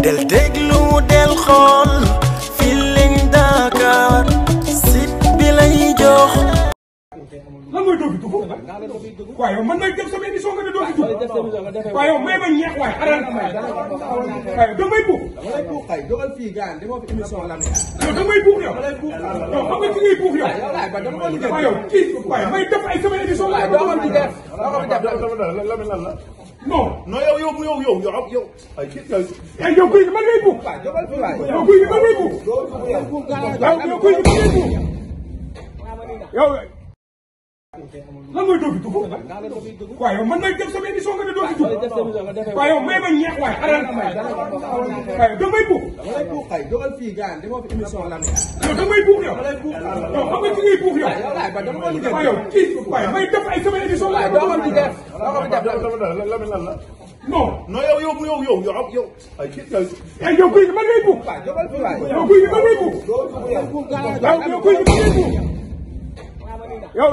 del déglu del xool Feeling Dakar site bi lay jox. lan mooy doogi dugg waaye yow man may def sama émission nga ne doogi dugg waaye yow may ma ñeex waaye arrêté waaye da may buux dogal fii gaan dama fi émission lan yow da may buux yow yow xam nga ki ngay buux yow waaye yow kii waaye may def ay sama émission waaye dogal def la non non yow yow yow yow yow yow ay kii ay yow kuy man ngay buug yow kuy man ngay buug yow kuy man ngay buug yow lan mooy doogi dugg waaye yow man may def sama émission nga ne doogi dugg waaye yow may ma ñeex waaye xanaa waaye da may buux dogal fii gaan di ma fi émission lan yow da may buux yow yow xam nga ki ngay buux yow waaye yow kii waaye may def ay sama émission la dogal di def lan lan la non non yow yow yow yow yow yow ay kii yow ay yow kuy man ngay buux yow kuy man ngay buux yow kuy man ngay buux yow